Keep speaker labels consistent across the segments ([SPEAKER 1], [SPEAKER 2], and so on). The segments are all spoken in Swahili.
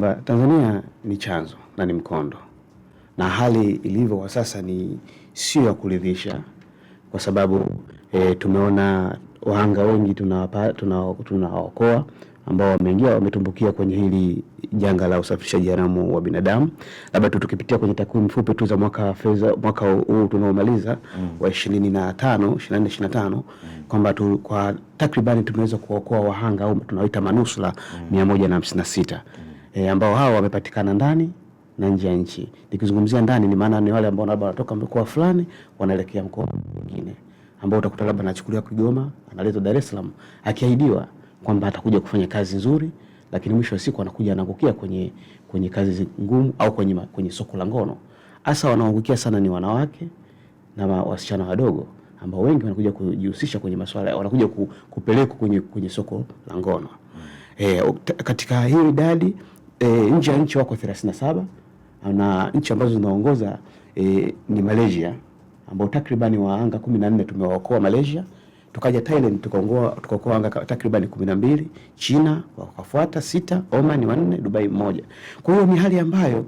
[SPEAKER 1] kwamba Tanzania ni chanzo na ni mkondo, na hali ilivyo kwa sasa ni sio ya kuridhisha, kwa sababu e, tumeona wahanga wengi tunawaokoa, tuna, tuna ambao wameingia wametumbukia kwenye hili janga la usafirishaji haramu wa binadamu. Labda tu tukipitia kwenye takwimu fupi tu za mwaka fedha mwaka huu tunaomaliza mm. wa 25 24 25 mm. kwamba tu kwa takribani tumeweza kuokoa wahanga au tunaoita manusura mm. 156 mm e, ambao hao wamepatikana ndani na nje ya nchi. Nikizungumzia ndani, ni maana ni wale ambao labda wanatoka mkoa fulani wanaelekea mkoa mwingine, ambao utakuta labda anachukuliwa Kigoma, analetwa Dar es Salaam akiahidiwa kwamba atakuja kufanya kazi nzuri, lakini mwisho wa siku anakuja anaangukia kwenye, kwenye kazi ngumu au kwenye, kwenye soko la ngono. Hasa wanaangukia sana ni wanawake na wasichana wadogo ambao wengi wanakuja kujihusisha kwenye masuala, wanakuja kupelekwa kwenye, kwenye soko la ngono. E, katika hili idadi e, nje ya nchi wako 37 na nchi ambazo zinaongoza e, ni Malaysia ambao takribani waanga 14 tumewaokoa Malaysia, tukaja Thailand tukaokoa anga takribani 12, China wakafuata sita, Oman wanne, Dubai moja. Kwa hiyo ni hali ambayo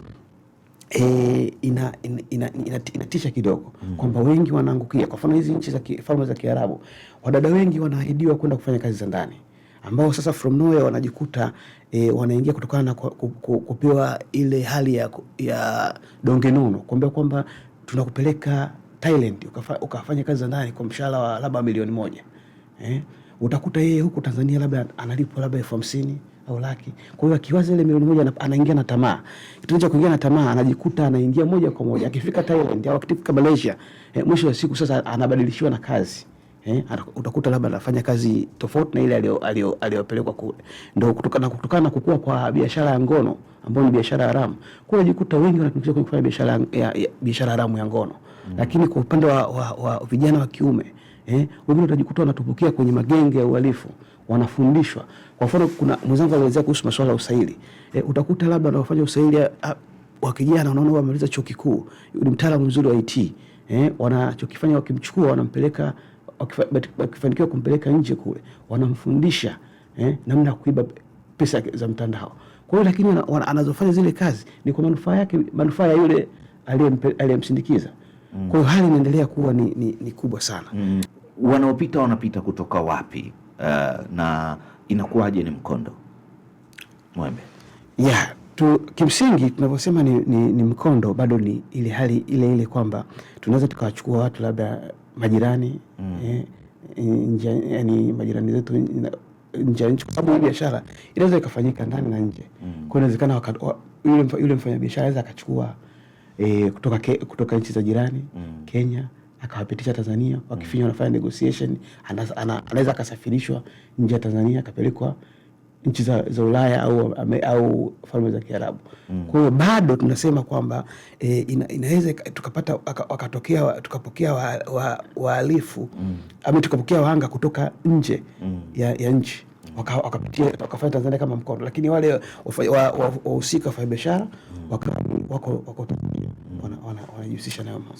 [SPEAKER 1] E, ina, ina, ina, ina, inatisha kidogo mm. kwamba wengi wanaangukia. Kwa mfano hizi nchi za falme za Kiarabu, wadada wengi wanaahidiwa kwenda kufanya kazi za ndani ambao sasa from nowhere wanajikuta e, wanaingia kutokana na kupewa ile hali ya, ya donge nono kuambia kwamba tunakupeleka Thailand ukafanya kazi za ndani kwa mshahara wa labda milioni moja eh? Utakuta yeye huku Tanzania labda analipwa labda elfu hamsini au laki. Kwa hiyo akiwaza ile milioni moja anaingia na tamaa. Kitendo cha kuingia na tamaa anajikuta anaingia moja kwa moja. Akifika Thailand au akifika Malaysia, eh, mwisho wa siku sasa anabadilishiwa na kazi. Eh, utakuta labda anafanya kazi tofauti na ile aliyopelekwa kule. Ndio kutokana kutokana kukua kwa biashara ya ngono ambayo ni biashara haramu, kwa unajikuta wengi wanatumikishwa kwenye kufanya biashara ya, ya biashara haramu ya ngono mm. Lakini kwa upande wa, wa, wa vijana wa kiume eh, wengine utajikuta wanatupukia kwenye magenge ya uhalifu, wanafundishwa. Kwa mfano, kuna mwenzangu alielezea kuhusu masuala ya usaili eh, utakuta labda anafanya usaili wa kijana, unaona wamemaliza chuo kikuu, ni mtaalamu mzuri wa IT eh, wanachokifanya wakimchukua wanampeleka wakifanikiwa kumpeleka nje kule wanamfundisha eh, namna ya kuiba pesa za mtandao. Kwa hiyo lakini wana, wana, anazofanya zile kazi ni kwa manufaa yake, manufaa ya yule aliyemsindikiza. Mm. Kwa hiyo hali inaendelea kuwa ni, ni, ni kubwa sana. Mm. Wanaopita wanapita kutoka wapi? Uh, na inakuwaje ni mkondo Mwembe? Yeah, tu, kimsingi tunavyosema ni, ni, ni mkondo bado ni ile hali ile ile kwamba tunaweza tukawachukua watu labda majirani mm. eh, yani majirani zetu nje ya nchi, kwa sababu hii biashara inaweza ikafanyika ndani na nje mm. kwa inawezekana yule, yule mfanyabiashara aweza akachukua e, kutoka, ke, kutoka nchi za jirani mm. Kenya akawapitisha Tanzania wakifinya, mm. wanafanya negotiation, anaweza akasafirishwa nje ya Tanzania akapelekwa nchi za, za Ulaya au, au falme za Kiarabu mm. Kwa hiyo bado tunasema kwamba e, ina, inaweza tukapata wakatokea tukapokea wahalifu wa, wa mm. ama tukapokea wahanga kutoka nje mm. ya, ya nchi wakapitia wakafanya Tanzania kama mkono, lakini wale wahusika wafanya biashara mm. wako mm. wanajihusisha nayo.